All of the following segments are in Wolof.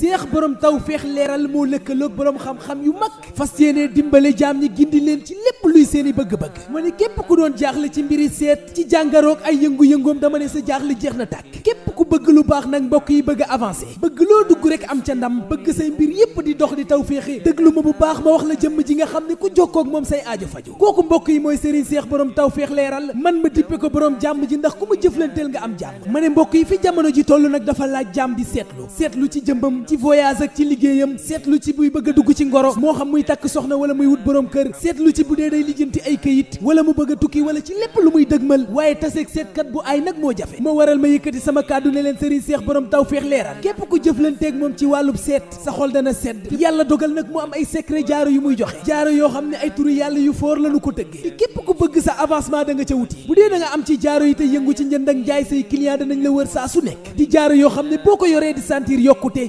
seex borom taw feex leeral moo lëkkaloog borom xam-xam yu mag fas yéene dimbale jaam ñi gindi leen ci lépp luy seeni bëgg-bëgg ma ne képp ku doon jaaxle ci mbiri seet ci jàngaroog ay yëngu-yëngoom dama ne sa jaaxle jeex na tàkk képp ku bëgg lu baax nag mbokk yi bëgg a bëgg loo dugg rek am ca ndam bëgg say mbir yépp di dox di taw féexe dëglu ma bu baax ma wax la jëmm ji nga xam ne ku jokkoo moom say aajo faju kooku mbokk yi mooy Serigne Seex borom taw feex leeral man ma dippe ko borom jàmm ji ndax ku ma jëflanteel nga am jàmm ma ne mbokk yi fi jamono ji toll nag dafa laaj jàmm di seetlu seetlu ci jëmbam ci voyage ak ci liggéeyam seetlu ci buy bëgg dugg ci ngoro moo xam muy takk soxna wala muy wut borom kër seetlu ci bu dee day lijjanti ay këyit wala mu bëgg tukki wala ci lépp lu muy dëgmal waaye taseeg seetkat bu ay nag moo jafe moo waral ma yëkkati sama kàddu ne leen sëriñ seex borom taw feex leeral képp ku jëflanteeg moom ci wàllub seet sa xol dana sedd yàlla dogal nag mu am ay secret jaaro yu muy joxe jaaro yoo xam ne ay turu yàlla yu foor lanu ko tëggee képp ku bëgg sa avancement da nga ca wuti bu am ci jaaro yi te yëngu ci njënd ak jaay say client danañ la wër saa su nekk di jaaro yoo xam ne boo ko yoree di sentir yokkute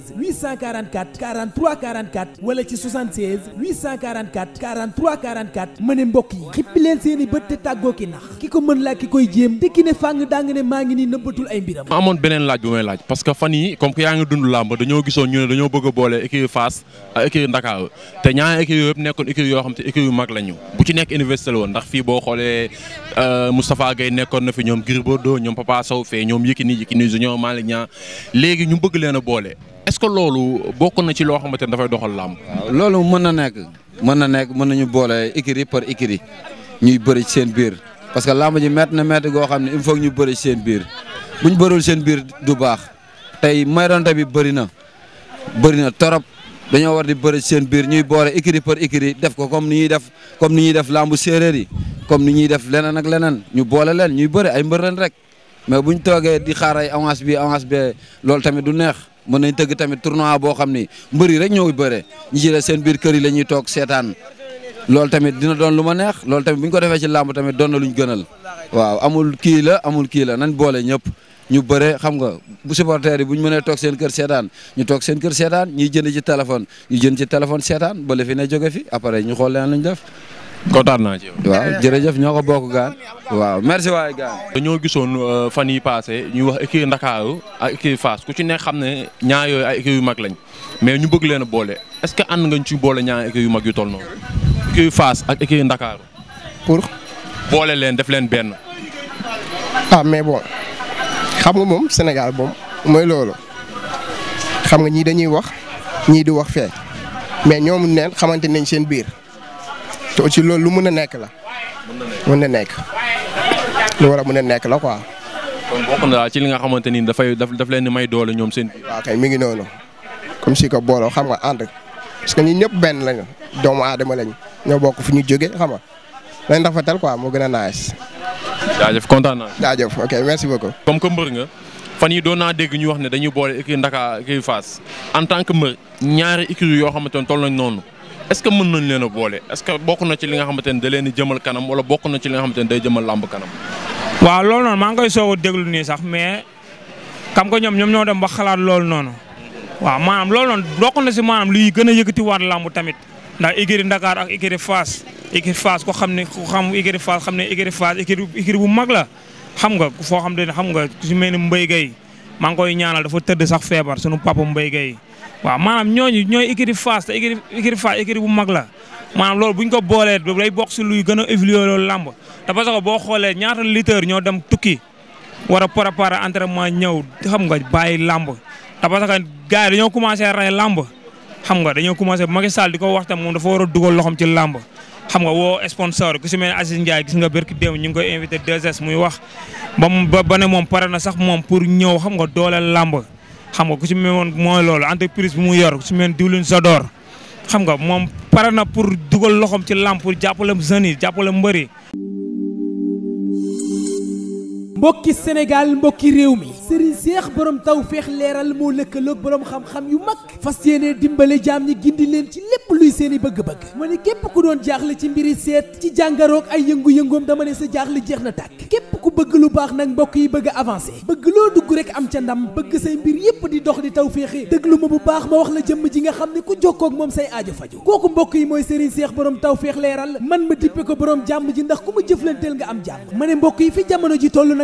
76 844 43 44 wala ci 76 844 43 44 ma ne mbokk yi xippi leen seen bët te tàggoo ki nax ki ko mën laa ki koy jéem te ki ne fàng daa ne maa ngi nii nëbbatul ay mbiram. ma amoon beneen laaj bu may laaj parce que fan yi comme que yaa ngi dund làmb dañoo gisoon ñu ne dañoo bëgg a boole équipe Fass ak équipe te ñaari équipe yooyu yëpp nekkoon équipe yoo xam te équipe yu mag lañu bu ci nekk université la woon ndax fii boo xoolee Moustapha Gueye nekkoon na fi ñoom Gris Bordeaux ñoom Papa Sow fee ñoom Yékini Yékini Junior Malick Niang léegi ñu bëgg leen a boole es ce loolu bokk na ci loo xamante ne dafay doxal làmb. loolu mën na nekk mën na nekk mën nañu boole écurie par écurie ñuy bëri ci seen biir parce que làmb ji métti na métti goo xam ne il foog ñu bëri seen biir bu ñu bërul seen biir du baax tey mayrante bi bëri na bëri na torop dañoo war di bëri seen biir ñuy boole écurie par écurie def ko comme ni ñuy def comme ni ñuy def làmb séeréer yi comme ni ñuy def leneen ak leneen ñu boole leen ñuy bëri ay mbër rek mais bu ñu toogee di xaar ay bi avance loolu tamit du neex. mën nañ tëgg tamit tournoi boo xam ni mbër yi rek ñoo bëre ñi ci seen biir kër yi la ñuy toog seetaan loolu tamit dina doon lu ma neex loolu tamit bu ñu ko defee ci làmb tamit doon na luñ gënal waaw amul kii la amul kii la nañ boole ñëpp ñu bëre xam nga bu supporters yi bu ñu mënee toog seen kër seetaan ñu toog seen kër seetaan ñuy jënd ci téléphone ñu jënd ci téléphone seetaan ba la fi ne jóge fi après ñu xool leen lu ñu def kontaan naa ci yow. waaw jërëjëf ñoo ko bokk waaw merci waay gaan dañoo gisoon euh, fan yi passé ñuy wax équipe Ndakaaru ak équipe Fass ku ci ne xam ne ñaar yooyu ay équipe yu mag lañ mais ñu bëgg leen a boole est-ce que ànd nga ci boole ñaar équipe yu mag yu toll noonu équipe Fass ak équipe Ndakaaru pour boole leen def leen benn. ah mais bon xam nga moom Sénégal moom mooy loolu xam nga ñii dañuy wax ñii di wax fee mais ñoom neen xamante nañ seen biir. te aussi loolu lu mën a nekk la. mën na nekk lu war a mën nekk la quoi. kon bokk na daal ci li nga xamante ni dafay daf daf leen may doole ñoom seen. waaw kay mi ngi noonu comme si ko booloo xam nga ànd parce que ñëpp benn lañu doomu aadama lañu ñoo bokk fu ñu jógee xam nga dañ rafetal quoi moo gën a nice. jaajëf kontaan naa. jaajëf ok merci beaucoup. comme que mbër nga fan yi doon naa dégg ñu wax ne dañuy boole écurie Ndakaar écurie Fass en tant que mbër ñaari écurie yoo xamante ne toll nañ noonu. est-ce que mën nañ leen boole est que bokk na ci li nga xamante ne da leen jëmal kanam wala bokk na ci li nga xamante ne day jëmal làmb kanam. waaw loolu noonu maa ngi koy soog a déglu nii sax mais xam nga ñoom ñoom ñoo dem ba xalaat loolu noonu waaw maanaam loolu noonu bokk na si maanaam luy gën a yëkkatiwaat làmb tamit ndax écurie Dakar ak écurie Fass écurie Fass ko xam ne ku xam écurie Fass xam ne écurie Fass écurie bu mag la xam nga foo xam ne xam nga su mel mbay Mbaye Guèye maa ngi koy ñaanal dafa tëdd sax feebar sunu papa Mbaye Gueye waaw maanaam ñooñu ñooy écurie Fass te écurie écurie Fass écurie bu mag la maanaam loolu bu ñu ko boolee day bokk si luy gën a évoluer loolu làmb te parce que boo xoolee ñaata lutteurs ñoo dem tukki war a entre entraînement ñëw xam nga bàyyi làmb te parce que gars yi dañoo commencé rey lamb xam nga dañoo commencé Macky Sall di ko wax tam moom dafa war a dugal loxoom ci làmb xam nga woo sponsor ku si mel ne Aziz Ndiaye gis nga bërki déew ñu ngi koy invité 2S muy wax ba ba ne moom pare na sax moom pour ñëw xam nga dooleel làmb xam nga ku si mel woon mooy lool entreprise bi mu yor ku si mel diwlin Sodor xam nga moom pare na pour dugal loxoom ci làmb pour jàppale jeunes yi jàppale mbër yi mbokki sénégal mbokki réew mi sëriñ seex boroom taw feex leeral moo lëkkaloog borom xam-xam yu mag fas yéene dimbale jaam ñi gindi leen ci lépp luy seeni bëgg-bëgg ma ne képp ku doon jaaxle ci mbir yi seet ci jàngaroog ay yëngu-yëngoom dama ne sa jaaxle jeex na tàkk képp ku bëgg lu baax nag mbokk yi bëgg a avancé bëgg loo dugg rek am ca ndam bëgg say mbir yépp di dox di taw féexe déglu ma bu baax ma wax la jëm ji nga xam ne ku jokkoo ak moom say aajo kooku mbokk yi mooy sëriñ seex borom taw feex leeral man ma dippe ko borom jàmm ji ndax ku ma jëflanteel nga am jàmm ma ne mbokk yi fi jamono ji tollu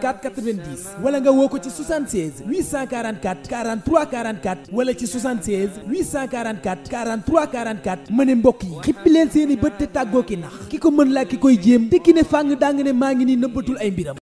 844 90 wala nga woo ko ci 76 844 43 44 wala ci 76 844 43 44 ma ne mbokk yi xippileen seeni bët te tàggoo ki nax ki ko mën laa ki koy jéem te ki ne fàng daa nga ne maa ngi nii nëbbatul ay mbiram